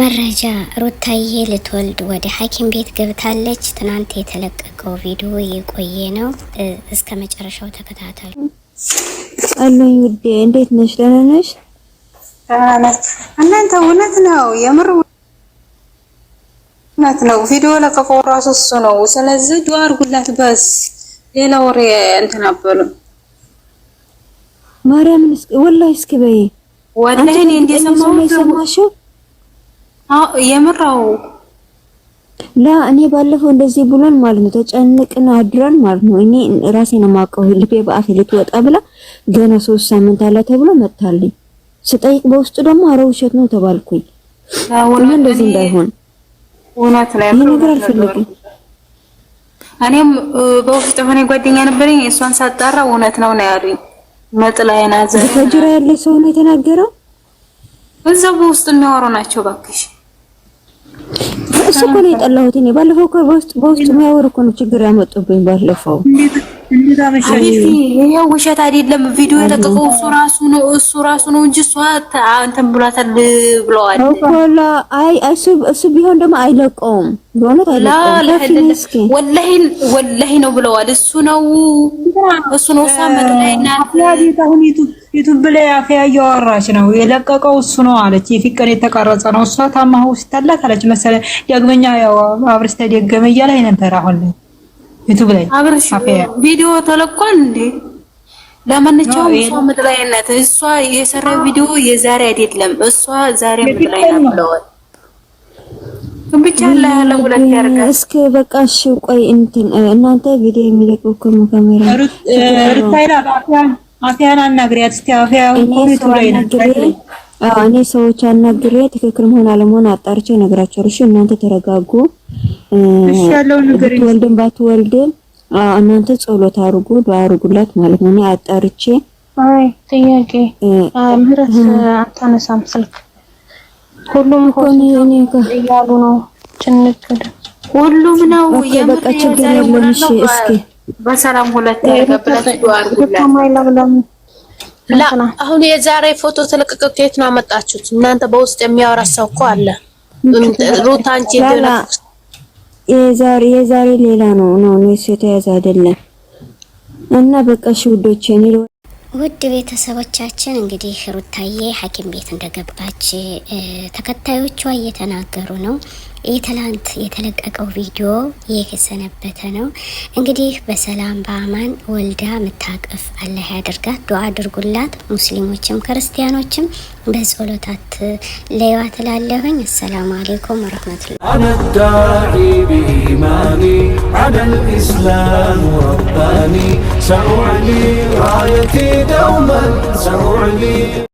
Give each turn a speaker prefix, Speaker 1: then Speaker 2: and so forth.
Speaker 1: መረጃ ሩታዬ ልትወልድ ወደ ሐኪም ቤት ገብታለች። ትናንት የተለቀቀው ቪዲዮ የቆየ ነው። እስከ መጨረሻው ተከታተሉ።
Speaker 2: ጸሎኝ ውዴ፣ እንዴት ነሽ? ደህና ነሽ? እናንተ እውነት ነው፣ የምር
Speaker 3: እውነት ነው። ቪዲዮ ለቀቀው ራሱ እሱ ነው። ስለዚህ ዱአ አድርጉላት። በስ ሌላ ወሬ እንትን አበሉ።
Speaker 2: ማርያምን ወላሂ እስኪ በይ
Speaker 3: ወላሂ እንደሰማሁ ሰማሽው የምራው
Speaker 2: ላ እኔ ባለፈው እንደዚህ ብሎን ማለት ነው ተጨንቅን አድረን ማለት ነው። እኔ ራሴን ማቀው ልቤ በአፌ ልትወጣ ብላ ገና ሶስት ሳምንት አለ ተብሎ መጣልኝ። ስጠይቅ በውስጡ ደግሞ አረ ውሸት ነው ተባልኩኝ። አሁን እንደዚህ እንዳይሆን እውነት ነገር አልፈልግም።
Speaker 3: እኔም በውስጥ የሆነ ጓደኛ ነበረኝ። እሷን ሳጣራ እውነት ነው ነው ያሉኝ። መጥላይና ዘ
Speaker 2: ተጅራ ያለ ሰው ነው የተናገረው።
Speaker 3: እዛ በውስጥ የሚያወሩ ናቸው
Speaker 2: እሱ እኮ ነው የጠላሁት እኔ ባለፈው በውስጥ በውስጥ የሚያወር እኮ ነው ችግር ያመጡብኝ ባለፈው
Speaker 3: ይሄው ውሸት አይደለም። ቪዲዮ የለቀቀው እሱ ራሱ ነው እሱ ራሱ ነው እንጂ እሷ ብሏታል ብለዋል።
Speaker 2: አይ እሱ ቢሆን ደግሞ አይለቀውም
Speaker 3: ወላሂ ነው ብለዋል። እሱ ነው እሱ ነው
Speaker 2: ዩቱብ ላይ አፍያ እያወራች ነው የለቀቀው እሱ ነው አለች። የፊት ቀን የተቀረጸ ነው እሷ አለች መሰለኝ። ዳግመኛ ያው እያለ ነበር አሁን ላይ ዩቱብ ላይ
Speaker 3: አብርሽ ቪዲዮ ተለቋል እንዴ? ለማንኛውም እሷ ምድር ላይ ናት። እሷ የሰራ ቪዲዮ የዛሬ አይደለም። እሷ ዛሬ ምድር ላይ ናት ብለዋል። ብቻ ላይ ያለ ሁለት ያርጋል።
Speaker 2: እስኪ በቃ እሺ፣ ቆይ እንትን እናንተ ቪዲዮ የሚለቁ ነው ካሜራ
Speaker 3: ሩታይላ አፍያን አናግሪያት
Speaker 2: እኔ ሰዎች አናግሬ ትክክል መሆን አለመሆን አጣርቼ እነግራቸዋለሁ። እሺ እናንተ ተረጋጉ። ወልድም ባትወልድም እናንተ ጸሎት አርጉ አርጉላት ማለት ነው። አጣርቼ
Speaker 3: አይ ጥያቄ ምህረት አታነሳም ስልክ ሁሉም እያሉ ነው ጭንቅ ሁሉም ነው
Speaker 2: በቃ ችግር የለም። እሺ እስኪ
Speaker 3: በሰላም ሁለት አሁን የዛሬ ፎቶ ተለቀቀ። ከየት ነው አመጣችሁት እናንተ? በውስጥ የሚያወራ ሰው እኮ አለ ሩት አንቺ
Speaker 2: የዛሬ የዛሬ ሌላ ነው ነው ነው የተያዘ አይደለም እና በቃ እሺ ውዶቼ
Speaker 1: ውድ ቤተሰቦቻችን እንግዲህ ሩታዬ ሐኪም ቤት እንደገባች ተከታዮቿ እየተናገሩ ነው። የትላንት የተለቀቀው ቪዲዮ የሰነበተ ነው። እንግዲህ በሰላም በአማን ወልዳ ምታቅፍ አላህ ያድርጋት። ዱዓ አድርጉላት ሙስሊሞችም ክርስቲያኖችም በጸሎታት ለይዋ ትላለሁኝ። አሰላሙ አሌይኩም ወረህመቱላ رباني سأعلي رايتي دوما سأعلي